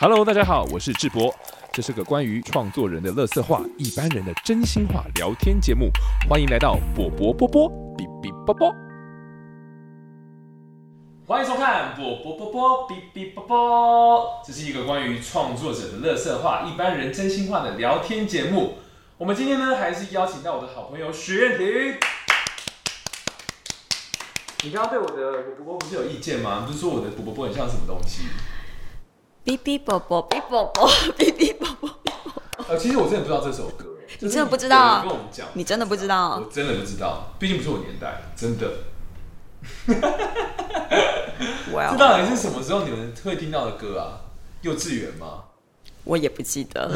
Hello，大家好，我是智博，這是個關於創作人的垃圾話，一般人的真心話聊天節目，歡迎來到波波波波比比波波。嗶嗶嗶嗶，歡迎收看波波波波比比波波，這是一個關於創作者的垃圾話，一般人真心話的聊天節目，我們今天呢還是邀請到我的好朋友許雁婷， 你剛剛對我的波波不是有意見嗎？你不是說我的波波波很像什麼東西？嗶嗶啵啵，嗶啵啵，嗶嗶啵啵。呃，其實我真的不知道這首歌，你真的不知道？你，跟我講你真的不知道？我真的不知道，畢竟不是我年代，真的。哇 ！Wow. 這到底是什麼時候你們會聽到的歌啊？幼稚園嗎？我也不記得。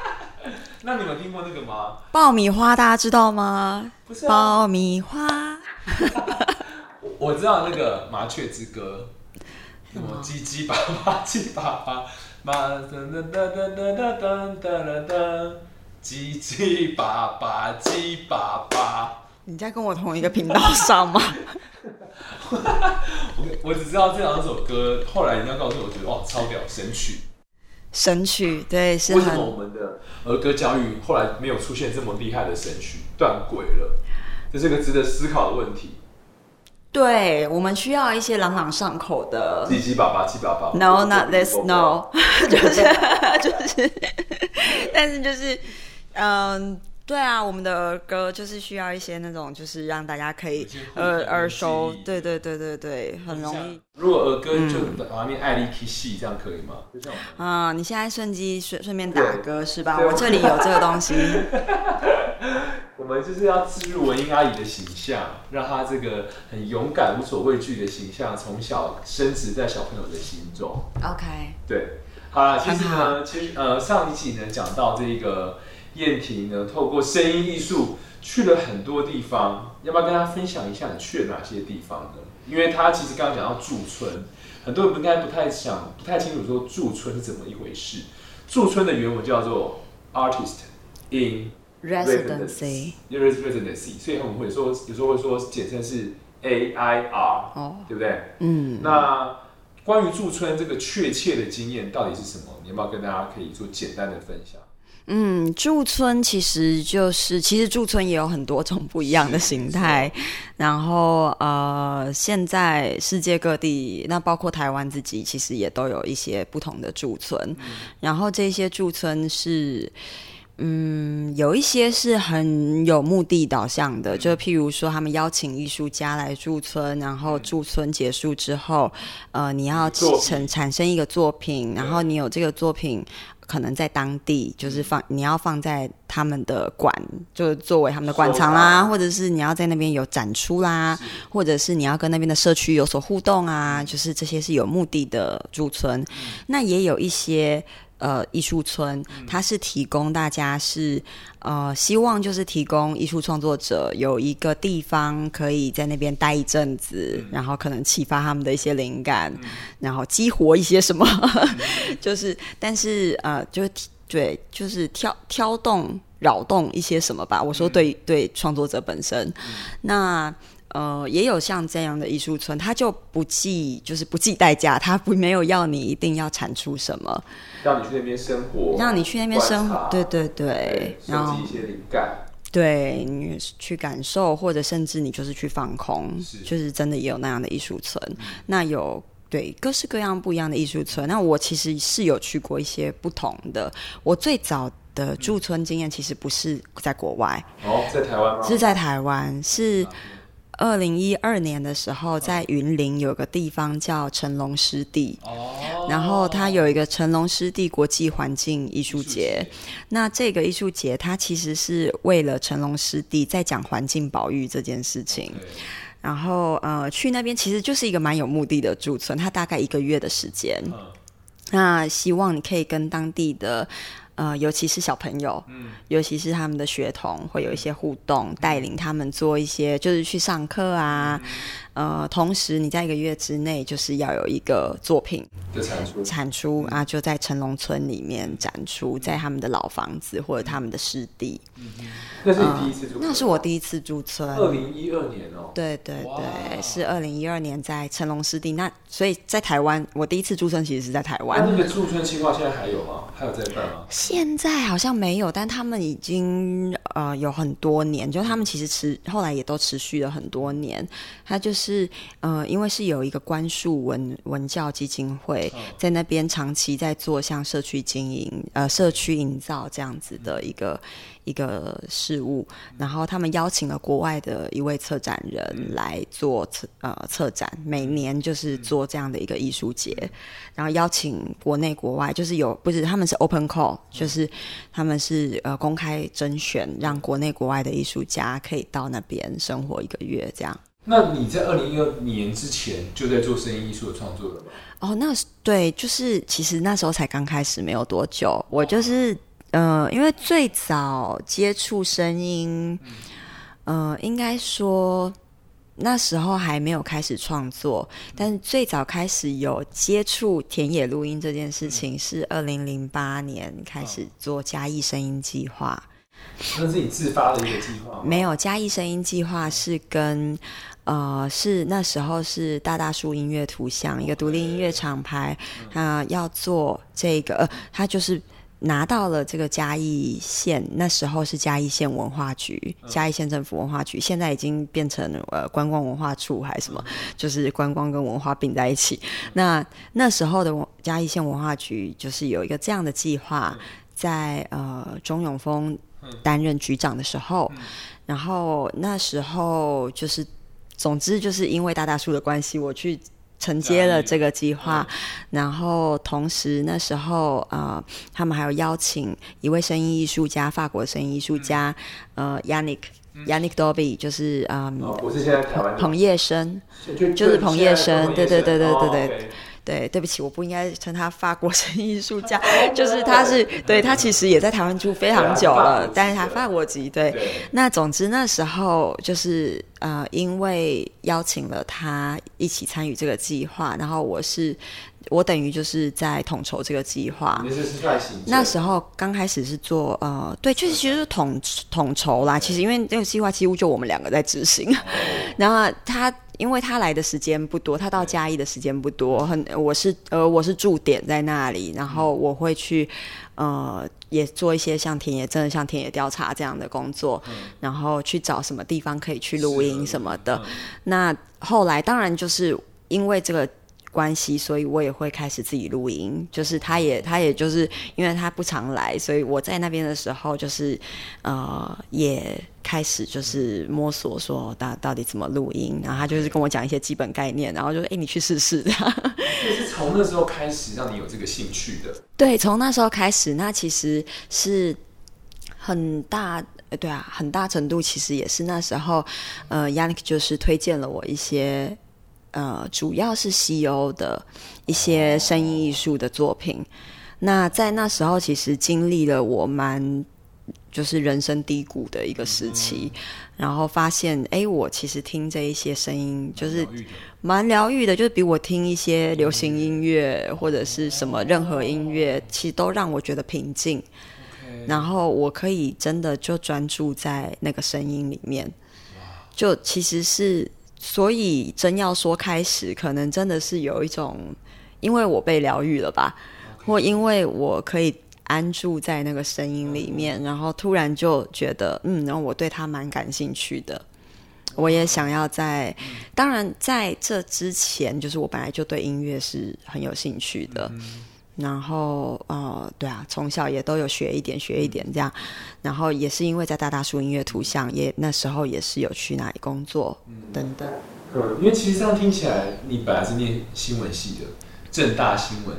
那你們聽過那個嗎？爆米花，大家知道嗎？不是、啊、爆米花。 我，我知道那個《麻雀之歌》。我嘰嘰巴巴嘰巴巴，噔噔噔噔噔噔噔噔噔嘰嘰巴巴嘰巴巴。你在跟我同一個頻道上嗎？ 我我只知道這兩首歌，後來人家告訴我，覺得哇，超屌，神曲，神曲，對。是為什麼我們的兒歌教育後來沒有出現這麼厲害的神曲，斷軌了？這、就是個值得思考的問題。對，我們需要一些朗朗上口的。自己爸爸七七爸 No, not this. No，就是 就是， 但是就是，嗯，對啊，我們的兒歌就是需要一些那種，就是讓大家可以耳耳熟，對對對對對，很容易。如果兒歌就旁邊艾力克西這樣可以嗎？啊、嗯嗯，你現在順機順順便打歌對是吧？我這裡有這個東西。 我們就是要植入文英阿姨的形象，讓她這個很勇敢、無所畏懼的形象從小深植在小朋友的心中。OK，對，好了，其實呢，好其實呃，上一集呢講到這個雁婷呢，透過聲音藝術去了很多地方，要不要跟大家分享一下你去了哪些地方呢？因為她其實剛剛講到駐村，很多人應該不太想、不太清楚說駐村是怎麼一回事。駐村的原文叫做 artist in。residency，residency，Res 所以我們會說，有時候會說簡稱是 AIR，oh，對不對？嗯。那關於駐村這個確切的經驗到底是什麼？你有沒有跟大家可以做簡單的分享？嗯，駐村其實就是，其實駐村也有很多種不一樣的形態。然後呃，現在世界各地，那包括台灣自己，其實也都有一些不同的駐村。嗯、然後這些駐村是。嗯，有一些是很有目的導向的，嗯、就譬如說，他們邀請藝術家來駐村，然後駐村結束之後，嗯、呃，你要產產生一個作品，然後你有這個作品，嗯、可能在當地就是放，你要放在他們的館，就是作為他們的館藏啦，吧或者是你要在那邊有展出啦，是或者是你要跟那邊的社區有所互動啊，就是這些是有目的的駐村。嗯、那也有一些。呃，藝術村、嗯、它是提供大家是呃，希望就是提供藝術創作者有一個地方可以在那邊待一陣子，嗯、然後可能啟發他們的一些靈感，嗯、然後激活一些什麼，嗯、 就是但是呃，就是對，就是挑挑動、擾動一些什麼吧。嗯、我說對對，創作者本身、嗯、那。呃，也有像這樣的藝術村，他就不計，就是不計代價，他不沒有要你一定要產出什麼，讓你去那邊生活，讓你去那邊生，活，觀察，對對對，對，然後一些靈感，對，你去感受，或者甚至你就是去放空，是就是真的也有那樣的藝術村。嗯、那有對各式各樣不一樣的藝術村。那我其實是有去過一些不同的，我最早的駐村經驗其實不是在國外，哦，在台灣嗎？是在台灣是。二零一二年的時候，在雲林有個地方叫成龍濕地。哦、然後它有一個成龍濕地國際環境藝術節。藝術節，那這個藝術節，它其實是為了成龍濕地在講環境保育這件事情。Okay. 然後呃，去那邊其實就是一個蠻有目的的駐村，它大概一個月的時間。嗯、那希望你可以跟當地的。呃，尤其是小朋友，尤其是他們的學童，會有一些互動，帶領他們做一些，就是去上課啊。呃，同時你在一個月之內，就是要有一個作品的產出，產出啊，就在成龍村裡面展出，在他們的老房子或者他們的濕地。那是你第一次住，那是我第一次駐村，二零一二年哦。對對對，是二零一二年在成龍濕地。那所以在台灣，我第一次駐村其實是在台灣。那個駐村情況現在還有嗎？還有在辦嗎？現在好像沒有，但他們已經呃有很多年，就他們其實持後來也都持續了很多年。他就是呃，因為是有一個觀樹文文教基金會在那邊長期在做像社區經營、呃社區營造這樣子的一個，一個事物，然後他們邀請了國外的一位策展人來做策、嗯、呃策展，每年就是做這樣的一個藝術節，嗯、然後邀請國內國外就是有不是他們是 open call，嗯、就是他們是呃公開徵選，讓國內國外的藝術家可以到那邊生活一個月這樣。那你在二零一二年之前就在做聲音藝術的創作了嗎？哦，那是對，就是其實那時候才剛開始沒有多久，我就是。哦呃，因為最早接觸聲音，嗯、呃，應該說那時候還沒有開始創作，嗯、但是最早開始有接觸田野錄音這件事情是二零零八年開始做嘉義聲音計劃。啊。那是你自發的一個計劃？沒有，嘉義聲音計劃是跟呃，是那時候是大大樹音樂圖像一個獨立音樂廠牌他、嗯、要做這個，他、呃、就是。拿到了這個嘉義縣，那時候是嘉義縣文化局，嗯、嘉義縣政府文化局，現在已經變成呃觀光文化處還是什麼，嗯、就是觀光跟文化並在一起。嗯、那那時候的嘉義縣文化局就是有一個這樣的計劃，在呃鍾永豐擔任局長的時候，嗯、然後那時候就是，總之就是因為大大樹的關係，我去。承接了這個計劃，對然後同時那時候啊、呃，他們還有邀請一位聲音藝術家，法國聲音藝術家，嗯、呃，Yannick、嗯、Yannick Dobby，就是啊、呃哦，彭彭葉生，就，就是彭葉生，生對對對對對對、對、哦。Okay。對，對不起，我不應該稱他法國籍藝術家，oh、my 就是他是，oh、my 對、嗯、他其實也在台灣住非常久了，但是他法，法國籍。對，對那總之那時候就是呃，因為邀請了他一起參與這個計劃，然後我是我等於就是在統籌這個計劃。那時候剛開始是做呃，對，確實其實是統統籌啦，對其實因為這個計劃幾乎就我們兩個在執行，oh. 然後他。因為他來的時間不多，他到嘉義的時間不多。很，我是呃，我是駐點在那裡，然後我會去，呃，也做一些像田野，真的像田野調查這樣的工作，嗯、然後去找什麼地方可以去錄音什麼的。啊嗯、那後來，當然就是因為這個。關係，所以我也會開始自己錄音。就是他也他也就是，因為他不常來，所以我在那邊的時候，就是呃，也開始就是摸索說到到底怎麼錄音。然後他就是跟我講一些基本概念，然後就說：“哎、欸，你去試試。”也、啊就是從那時候開始讓你有這個興趣的。對，從那時候開始，那其實是很大，對啊，很大程度其實也是那時候，呃，Yannick 就是推薦了我一些。呃，主要是西歐的一些聲音藝術的作品。Oh. 那在那時候，其實經歷了我蠻就是人生低谷的一個時期，mm hmm. 然後發現，哎，我其實聽這一些聲音，就是蠻療癒的，就是比我聽一些流行音樂或者是什麼任何音樂，其實都讓我覺得平靜。Okay. 然後我可以真的就專注在那個聲音裡面，Wow. 就其實是。所以，真要說開始，可能真的是有一種，因為我被療癒了吧，Okay. 或因為我可以安住在那個聲音裡面，然後突然就覺得，嗯，然後我對他蠻感興趣的，Okay. 我也想要在。當然，在這之前，就是我本來就對音樂是很有興趣的。嗯然後，呃、嗯，對啊，從小也都有學一點，學一點這樣。然後也是因為，在大大樹音樂圖像，也那時候也是有去那裡工作，嗯、等等。嗯可，因為其實這樣聽起來，你本來是念新聞系的，政大新聞，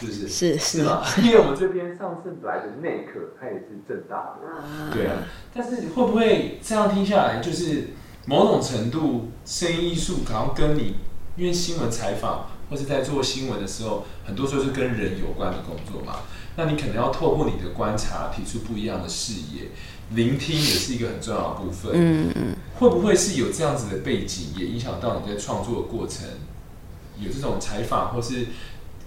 是不是？是是，是嗎？是因為我們這邊上次來的那一刻他也是政大的，啊對啊。但是會不會這樣聽下來，就是某種程度，聲音藝術可能跟你因為新聞採訪。或者在做新聞的時候，很多時候是跟人有關的工作嘛。那你可能要透過你的觀察，提出不一樣的視野，聆聽也是一個很重要的部分。嗯嗯，會不會是有這樣子的背景，也影響到你在創作的過程？有這種採訪，或是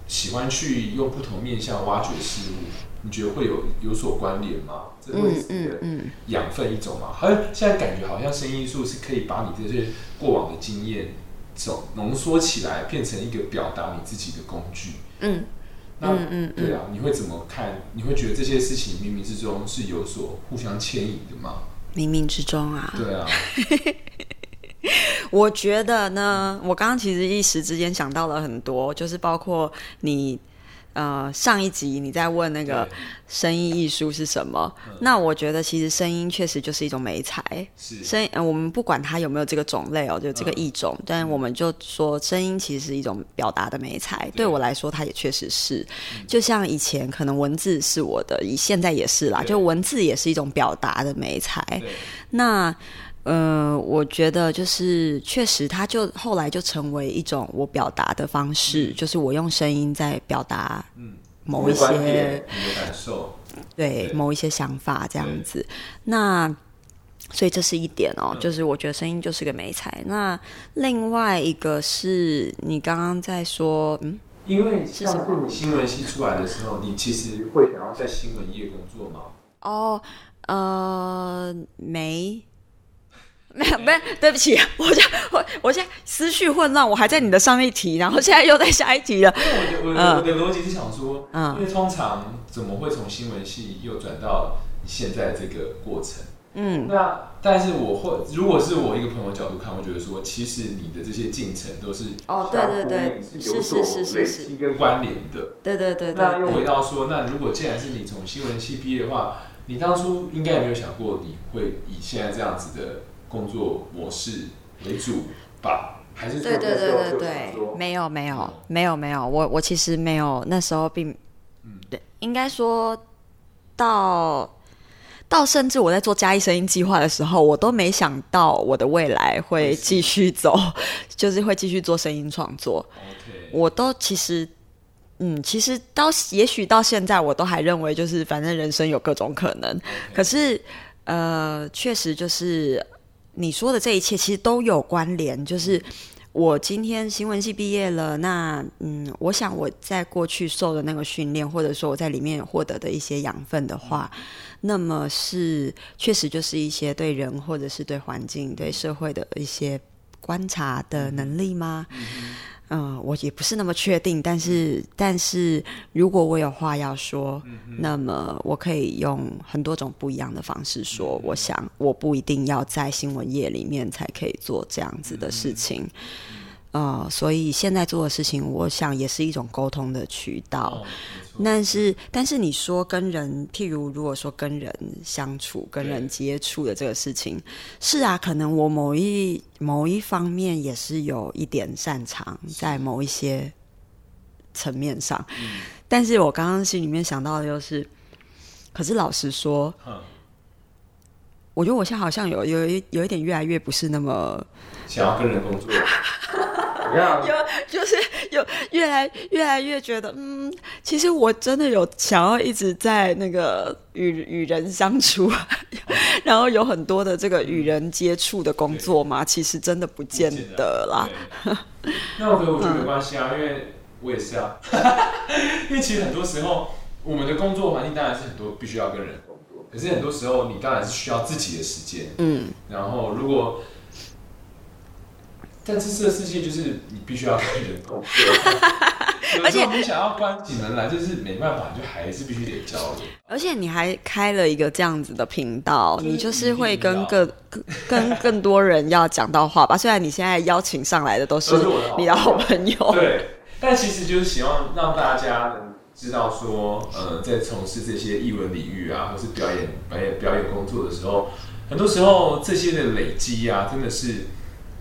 喜歡去用不同面向挖掘事物，你覺得會有有所關聯嗎？嗯嗯嗯。養分一種嘛，好像現在感覺好像聲音術是可以把你這些過往的經驗。走濃縮起來，變成一個表達你自己的工具嗯。嗯，嗯，那嗯對啊，你會怎麼看？你會覺得這些事情冥冥之中是有所互相牽引的嗎？冥冥之中啊，對啊。 我覺得呢，我剛剛其實一時之間想到了很多，就是包括你。呃，上一集你在問那個聲音藝術是什麼？嗯、那我覺得其實聲音確實就是一種媒材。是聲、呃，我們不管它有沒有這個種類哦，就這個藝種，嗯、但我們就說聲音其實是一種表達的媒材。對，對我來說，它也確實是，嗯、就像以前可能文字是我的，以現在也是啦，對就文字也是一種表達的媒材。對那。呃、嗯，我覺得就是確實，它就後來就成為一種我表達的方式，嗯、就是我用聲音在表達，嗯，某一些感受，嗯、對，某一些想法這樣子。那所以這是一點哦、喔，嗯、就是我覺得聲音就是個媒材。那另外一個是你剛剛在說，嗯，因為當初你新聞系出來的時候， 你其實會想要在新聞業工作嗎？哦，呃，沒。沒有沒有，對不起，我現我我現在思緒混亂，我還在你的上一題，然後現在又在下一題了。我我我的邏輯、嗯、是想說，嗯，因為通常怎麼會從新聞系又轉到現在這個過程？嗯，那但是我會，如果是我一個朋友的角度看，我覺得說，其實你的這些進程都是哦，對對對，是是是，是，是是是，邏輯跟關聯的。對對對，那又回到說，那如果既然是你從新聞系畢業的話，嗯、你當初應該沒有想過你會以現在這樣子的。工作模式為主吧，還是對，對對對對對，沒有沒有、嗯、沒有沒有，我我其實沒有那時候並嗯，對，應該說到到甚至我在做嘉義聲音計劃的時候，我都沒想到我的未來會繼續走， 就是會繼續做聲音創作。Okay. 我都其實嗯，其實到也許到現在，我都還認為就是反正人生有各種可能，Okay. 可是呃，確實就是。你說的這一切其實都有關聯，就是我今天新聞系畢業了，那嗯，我想我在過去受的那個訓練，或者說我在裡面獲得的一些養分的話，嗯、那麼是確實就是一些對人或者是對環境、對社會的一些觀察的能力嗎？嗯嗯，我也不是那麼確定，但是，但是如果我有話要說，嗯、哼那麼我可以用很多種不一樣的方式說。嗯、哼我想，我不一定要在新聞業裡面才可以做這樣子的事情。嗯哦、嗯，所以現在做的事情，我想也是一種溝通的渠道。哦、但是，但是你說跟人，譬如如果說跟人相處、跟人接觸的這個事情，對是啊，可能我某一某一方面也是有一點擅長在某一些層面上。是嗯、但是我剛剛心裡面想到的就是，可是老實說，嗯、我覺得我現在好像有有一有一點越來越不是那麼想要跟人工作。 有，就是有，越來越來越覺得，嗯，其實我真的有想要一直在那個與與人相處，嗯、 然後有很多的這個與人接觸的工作嘛，對其實真的不見得啦。得那我覺得我覺得沒關係啊，嗯、因為我也是啊， 因為其實很多時候我們的工作環境當然是很多必須要跟人工作，可是很多時候你當然是需要自己的時間，嗯，然後如果。但這次的世界就是你必須要參人工，而且你想要關起門來， 就是沒辦法，就還是必須得交流。而且你還開了一個這樣子的頻道，就你，你就是會跟跟更多人要講到話吧？ 雖然你現在邀請上來的都是你都是我的好朋友，對。但其實就是希望讓大家能知道說，呃，在從事這些藝文領域啊，或是表演表演表演工作的時候，很多時候這些的累積啊，真的是。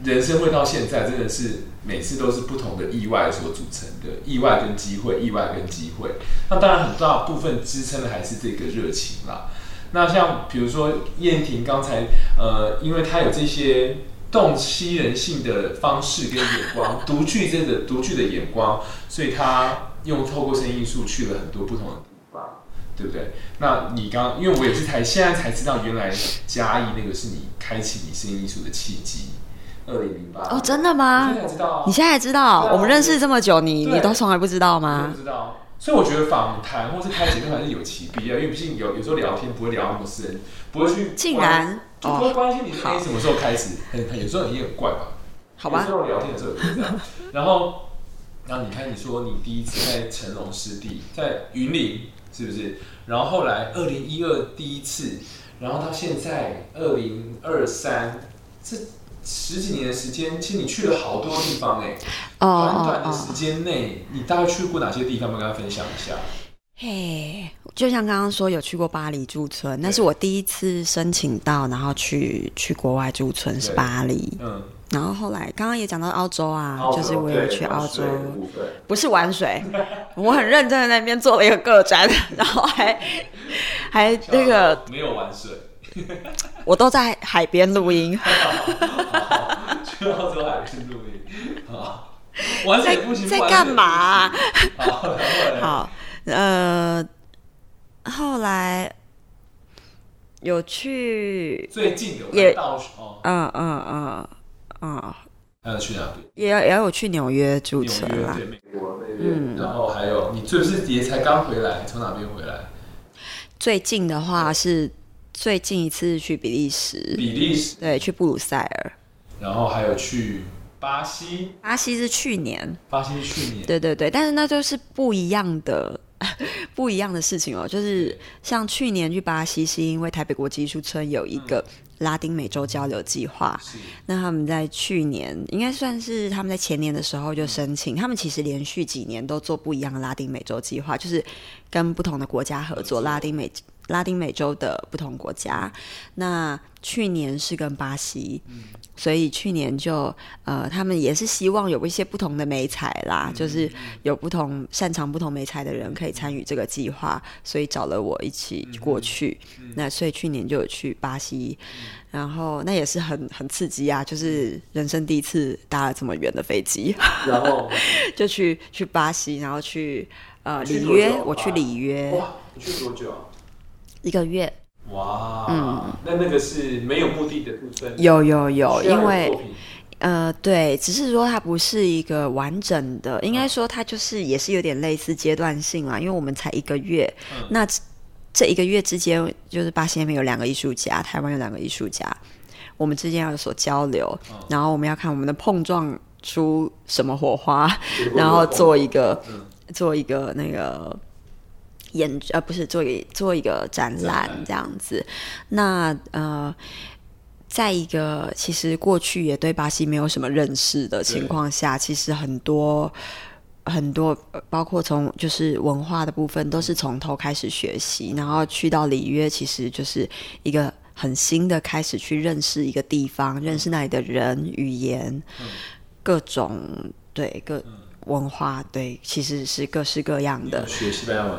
人生會到現在，真的是每次都是不同的意外所組成的意外跟機會，意外跟機會。那當然，很大部分支撐的還是這個熱情啦。那像比如說雁婷剛才，呃，因為他有這些洞悉人性的方式跟眼光，獨 具這個獨具的眼光，所以他用透過聲音藝術去了很多不同的地方， 對不對？那你剛，剛因為我也是才現在才知道，原來嘉義那個是你開啟你聲音藝術的契機。2008, 哦，真的嗎？你現在知道？你現在知道？我們認識這麼久，你對你都從來不知道嗎？不知道。所以我覺得訪談或是開節目還是有其必要，因為畢竟有有時候聊天不會聊那麼深，不會去。竟然我好。關心你，你什麼時候開始？哦、很很，有時候你也很怪吧？好吧。聊天的時候 然後，然後你看，你說你第一次在成龍濕地在雲林，是不是？然後後來二零一二第一次，然後到現在二零二三這。十幾年的時間，其實你去了好多地方誒、欸。哦哦哦。短短的時間內，oh, oh, oh. 你大概去過哪些地方？我們跟他分享一下。嘿，hey, 就像剛剛說，有去過巴黎駐村，對那是我第一次申請到，然後去去國外駐村對是巴黎。嗯。然後後來剛剛也講到澳洲啊，洲就是我也有去澳洲，不是玩水，對 我很認真的在那邊做了一個個展，然後還還那個、啊、沒有玩水。我都在海邊錄音，哈哈哈，去海邊錄音，啊，在在幹嘛？好，呃，後來有去，最近也到，哦，嗯嗯嗯嗯，還有去哪邊？也要也有去紐約駐村啦，美國那邊，嗯，然後還有你最近也才剛回來，從哪邊回來？最近的話是。最近一次是去比利時，比利時、嗯、對，去布魯塞爾，然後還有去巴西，巴西是去年，巴西是去年，對對對，但是那就是不一樣的， 不一樣的事情哦。就是像去年去巴西，是因為台北國際藝術村有一個拉丁美洲交流計劃，嗯、那他們在去年應該算是他們在前年的時候就申請，嗯、他們其實連續幾年都做不一樣的拉丁美洲計劃，就是跟不同的國家合作錯拉丁美。拉丁美洲的不同國家，那去年是跟巴西，嗯、所以去年就呃，他們也是希望有一些不同的媒材啦，嗯、就是有不同擅長不同媒材的人可以參與這個計劃，所以找了我一起過去，嗯、那所以去年就有去巴西，嗯、然後那也是很很刺激啊，就是人生第一次搭了這麼遠的飛機，然後 就去去巴西，然後去呃里約，去啊，我去里約。哇，你去多久？啊？ 一個月，哇，嗯，那那個是沒有目的的部分，有有有，有因為呃，對，只是說它不是一個完整的，應該說它就是也是有點類似階段性啦，因為我們才一個月，嗯、那這一個月之間就是巴西那邊有兩個藝術家，台灣有兩個藝術家，我們之間要有所交流，嗯、然後我們要看我們的碰撞出什麼火花，會會花，然後做一個、嗯、做一個那個。演呃不是做一做一個展覽這樣子，來那呃，在一個其實過去也對巴西沒有什麼認識的情況下，對其實很多很多包括從就是文化的部分都是從頭開始學習，嗯、然後去到里約其實就是一個很新的開始去認識一個地方，嗯、認識那裡的人、語言、嗯、各種對各。嗯文化對，其實是各式各樣的。學西班牙文？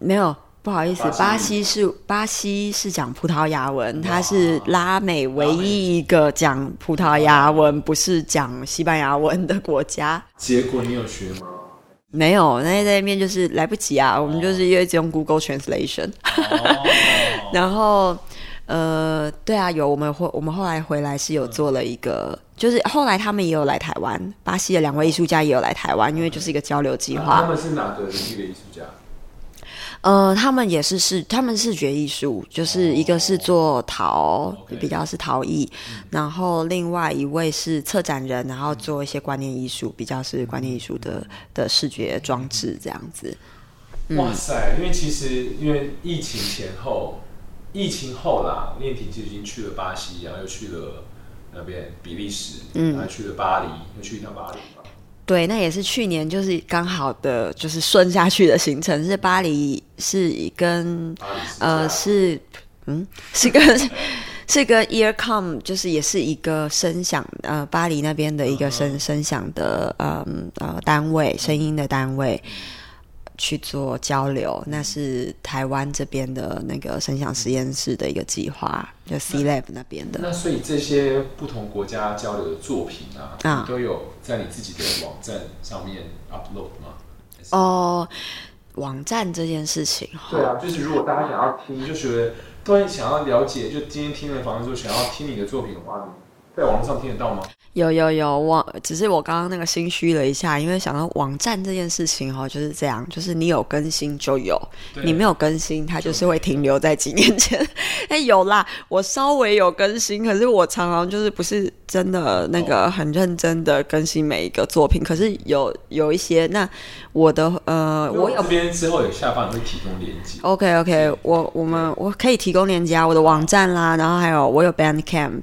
沒有，不好意思，巴西，巴西是巴西是講葡萄牙文，哇它是拉美唯一一個講葡萄牙文，哇不是講西班牙文的國家。結果你有學嗎？沒有，那在那邊就是來不及啊，哇我們就是一直用 Google Translation 哇。 然後。呃，對啊，有我們後我們後來回來是有做了一個，嗯、就是後來他們也有來台灣，巴西的兩位藝術家也有來台灣，因為就是一個交流計劃。啊、他們是哪個領域的藝術家？呃，他們也是視，他們視覺藝術，就是一個是做陶，哦、比較是陶藝，哦、okay, 然後另外一位是策展人，然後做一些觀念藝術，比較是觀念藝術的、嗯、的視覺裝置這樣子。嗯、哇塞！因為其實因為疫情前後。疫情後啦，雁婷就已經去了巴西，啊，然後又去了那邊比利時，嗯，還去了巴黎，又去一趟巴黎。對，那也是去年，就是剛好的，就是順下去的行程。是巴黎，是一跟、嗯、是呃是嗯是跟是跟 earcom，就是也是一個聲響呃巴黎那邊的一個聲聲響的嗯呃，呃單位聲音的單位。去做交流，那是台灣這邊的那個聲響實驗室的一個計劃，嗯、就 C Lab 那邊的。那所以這些不同國家交流的作品啊，嗯、你都有在你自己的網站上面 upload 嗎？哦，是哦，網站這件事情，對啊，嗯、就是如果大家想要聽，就覺得突然想要了解，就今天聽了房子之後想要聽你的作品的話。在網上聽得到嗎？有有有我，只是我剛剛那個心虛了一下，因為想到網站這件事情哦，就是這樣，就是你有更新就有，對你沒有更新，它就是會停留在幾年前。哎、 欸，有啦，我稍微有更新，可是我常常就是不是真的那個很認真的更新每一個作品，哦、可是有有一些，那我的呃，我有邊，之後有下方會提供鏈接。OK OK，對我我們我可以提供鏈接啊，我的網站啦，對然後還有我有 Bandcamp。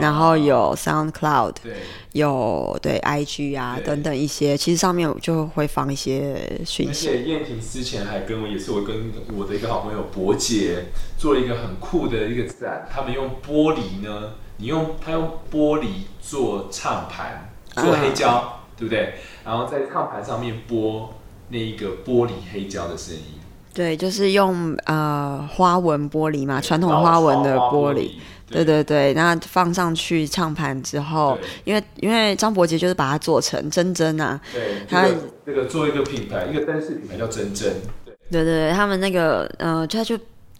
然後有 SoundCloud，啊、對，有對 IG 啊對等等一些，其實上面我就會放一些訊息。雁婷之前還跟我，也是我跟我的一個好朋友博姐，做了一個很酷的一個展。他們用玻璃呢，你用他用玻璃做唱盤，做黑膠，啊、對不對？對，然後在唱盤上面播那一個玻璃黑膠的聲音。對，就是用呃花紋玻璃嘛，傳對統花紋的玻璃。玻璃對對對，對那放上去唱盤之後，對因為因為張博傑就是把它做成真真啊。對，這個、他這個做一個品牌，一個電視品牌叫真真。對,對對對，他們那個呃，他就。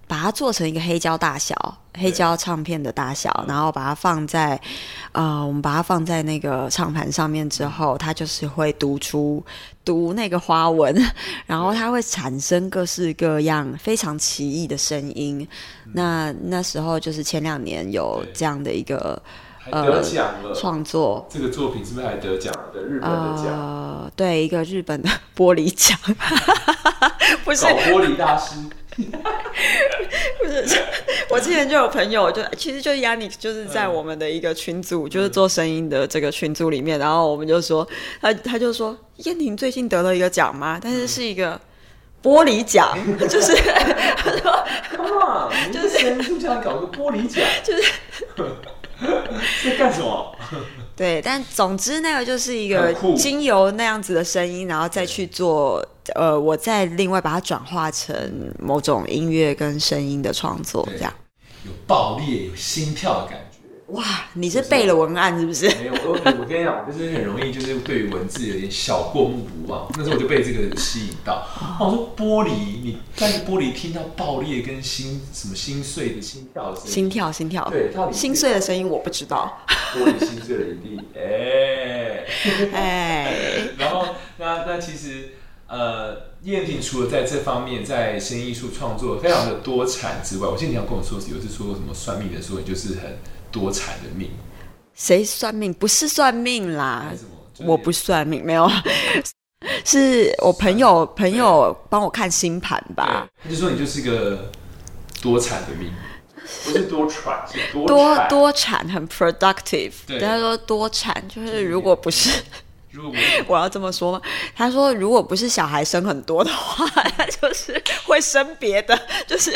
把它做成一個黑膠大小，黑膠唱片的大小，對然後把它放在，呃，我們把它放在那個唱盤上面之後，它就是會讀出讀那個花紋，然後它會產生各式各樣非常奇異的聲音。對那那時候就是前兩年有這樣的一個對呃得創作，這個作品是不是還得獎的？日本的獎。呃，對，一個日本的玻璃獎， 不麼是玻璃大師。 不是，我之前就有朋友，就其實就是雁婷，就是在我們的一個群組，嗯、就是做聲音的這個群組裡面，然後我們就說，他他就說，雁婷最近得了一個獎嗎？但是是一個玻璃獎，就是、嗯、 他說，靠，就先就這樣搞個玻璃獎，就是 在幹什麼？ 對，但總之那個就是一個精油那樣子的聲音，然後再去做。嗯呃，我再另外把它轉化成某種音樂跟聲音的創作，這樣有爆裂、有心跳的感覺。哇，你是背了文案是不是？是沒有，我跟你講，我就是很容易就是對於文字有點小過目不忘。 那時候我就被這個吸引到， 啊，我說玻璃，你但是玻璃聽到爆裂跟心什麼心碎的心跳聲，心跳，心跳，對，心碎的聲音我不知道。 玻璃心碎了一地，哎，哎，然後那那其實。呃，雁婷除了在這方面在聲音藝術創作非常的多產之外，我現在想跟我說，有一次說什麼算命的時候，你就是很多產的命。誰算命？不是算命啦，是我不算命，沒有， 是我朋友命朋友幫我看星盤吧，他就說你就是個多產的命，不是多產，是多多，多產，很 productive。對，他說多產就是如果不是，是。 我要這麼說嗎？他說：“如果不是小孩生很多的話，他就是會生別的，就是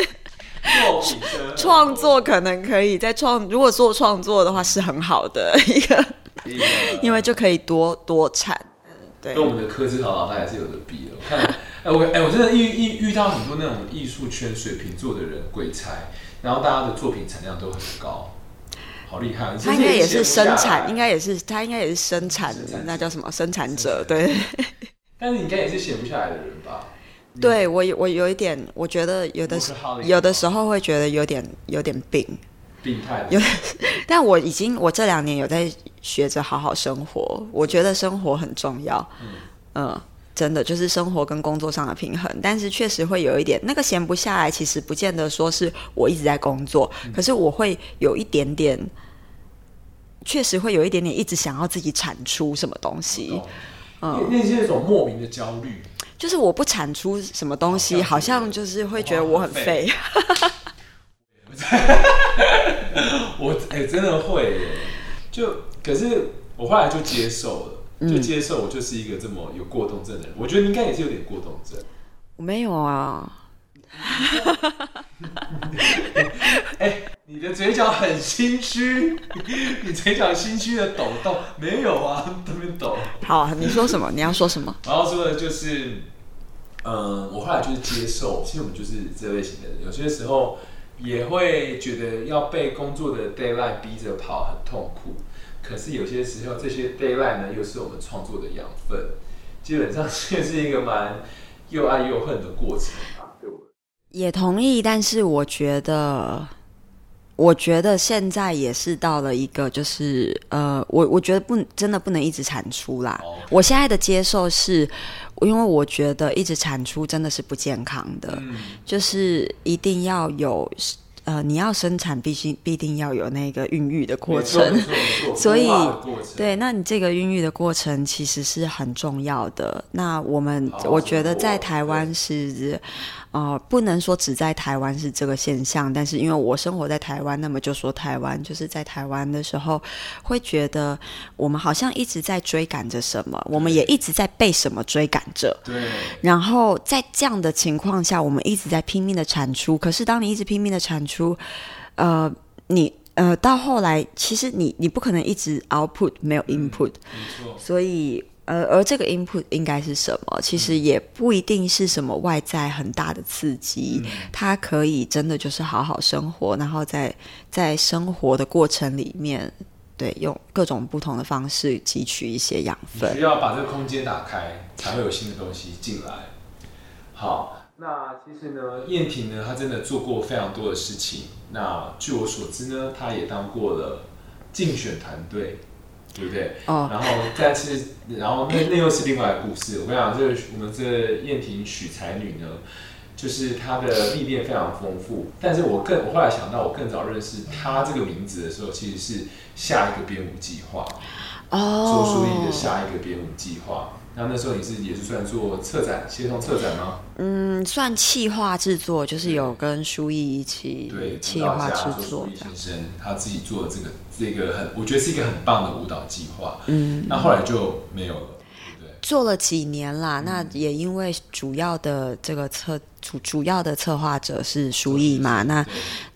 創作可能可以在創。如果做創作的話，是很好的一個，因為就可以多多產。對，跟我們的科技好老大還是有的比了。我看，哎、欸、我哎、欸、我真的遇遇遇到很多那種藝術圈水瓶座的人鬼才，然後大家的作品產量都很高。”好厲害啊！他應該也是生產，應該也是他應該也是生產的，那叫什麼生產者？對。 但是你應該也是寫不下來的人吧？對我，我有一點，我覺得有的，的有的時候會覺得有點有點病病態，有，但我已經我這兩年有在學着好好生活，我覺得生活很重要。嗯。嗯。真的就是生活跟工作上的平衡，但是確實會有一點那個閒不下來。其實不見得說是我一直在工作，嗯、可是我會有一點點，確實會有一點點一直想要自己產出什麼東西。嗯，嗯，那是那種莫名的焦慮，就是我不產出什麼東西，嗯、好像就是會覺得我很廢。很 我哎、欸、真的會，就可是我後來就接受了。就接受我就是一個這麼有過動症的人，嗯、我覺得你應該也是有點過動症。我沒有啊、 欸。你的嘴角很心虛， 你嘴角心虛的抖動，沒有啊？特別抖。好，你說什麼？ 你要說什麼？我要說的就是，嗯、呃，我後來就是接受，其實我們就是這類型的人，有些時候也會覺得要被工作的 deadline 逼着跑很痛苦。可是有些時候，這些 deadline 呢，又是我們創作的養分，基本上這是一個蠻又愛又恨的過程啊。對，我也同意，但是我覺得，我覺得現在也是到了一個，就是呃，我我覺得不真的不能一直產出啦。Okay. 我現在的接受是，因為我覺得一直產出真的是不健康的，嗯、就是一定要有。呃，你要生產必，必須必定要有那個孕育的過程，所以，對，那你這個孕育的過程其實是很重要的。那我們好我覺得在台灣是。好對嗯哦、呃，不能說只在台灣是這個現象，但是因為我生活在台灣，那麼就說台灣就是在台灣的時候，會覺得我們好像一直在追趕着什麼，我們也一直在被什麼追趕着。對。然後在這樣的情況下，我們一直在拼命的產出，可是當你一直拼命的產出，呃，你呃到後來，其實你你不可能一直 output 沒有 input，、嗯、沒錯，所以。而、呃、而這個 input 應該是什麼？其實也不一定是什麼外在很大的刺激，嗯、它可以真的就是好好生活，然後在在生活的過程裡面，對，用各種不同的方式汲取一些養分。你需要把這個空間打開，才會有新的東西進來。好，那其實呢，雁婷呢，她真的做過非常多的事情。那據我所知呢，她也當過了競選團隊。對不對？Oh. 然後，再次，然後那那又是另外的故事。我跟你講這個，我們這個雁婷許才女呢，就是她的歷練非常豐富。但是我更，我後來想到，我更早認識她這個名字的時候，其實是下一個編舞計劃哦，做舒儀的下一個編舞計劃。那那時候你自己也是算做策展，協同策展嗎？嗯，算企劃制作，就是有跟書藝一起對企劃制作。書藝先生他自己做的這個這個很，我覺得是一個很棒的舞蹈計劃。嗯，那後，後來就沒有了。做了幾年啦，那也因為主要的這個策主主要的策劃者是舒逸嘛，那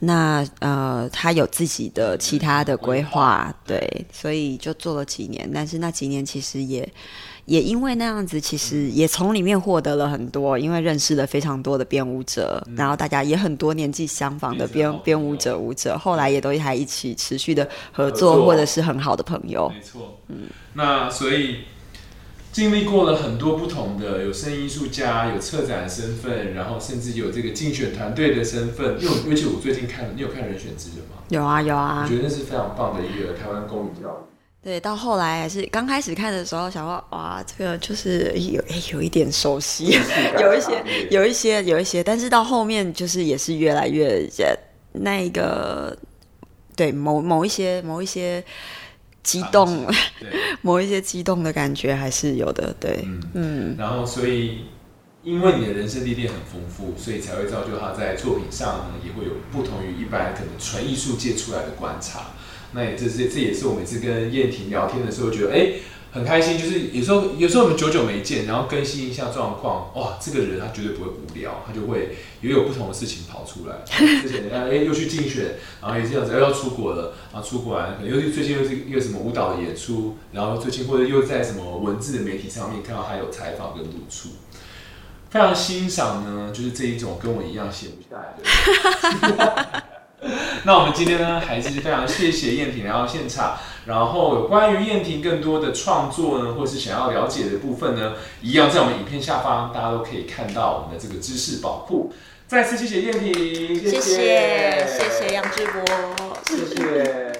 那呃他有自己的其他的規劃，對，所以就做了幾年。但是那幾年其實也也因為那樣子，其實也從裡面獲得了很多，因為認識了非常多的編舞者，然後大家也很多年紀相仿的編編舞者、舞者，後來也都還一起持續的合作，或者是很好的朋友。沒錯，嗯，那所以。經歷過了很多不同的，有聲音藝術家，有策展的身份，然後甚至有這個競選團隊的身份。因為，而且我最近看你有看《人選之》的嗎？有啊，有啊。我覺得那是非常棒的一個台灣公演。對，到後來還是剛開始看的時候，想說哇，這個就是有，欸，有一點熟悉，是 有一些，有一些，有一些，但是到後面就是也是越來越在那個對某某一些某一些。激動，啊、對某一些激動的感覺還是有的，對，嗯，嗯，然後所以，因為你的人生歷練很豐富，所以才會造就他在作品上呢，也會有不同於一般可能純藝術界出來的觀察。那也這、就是，這也是我每次跟雁婷聊天的時候，覺得哎。欸很開心，就是有時候有時候我們久久沒見，然後更新一下狀況，哇，這個人他絕對不會無聊，他就會也有，有不同的事情跑出來，之前呃、欸、又去競選，然後也是這樣子，又要出國了，然後出國完可能又最近又是一個什麼舞蹈的演出，然後最近或者又在什麼文字的媒體上面看到他有採訪跟露出。非常欣賞呢，就是這一種跟我一樣閒不下來的。 那我們今天呢，還是非常謝謝雁婷來到現場。然後有關於雁婷更多的創作呢，或是想要了解的部分呢，一樣在我們影片下方，大家都可以看到我們的這個知識寶庫。再次謝謝雁婷，謝謝，謝謝楊智博，謝謝。謝謝。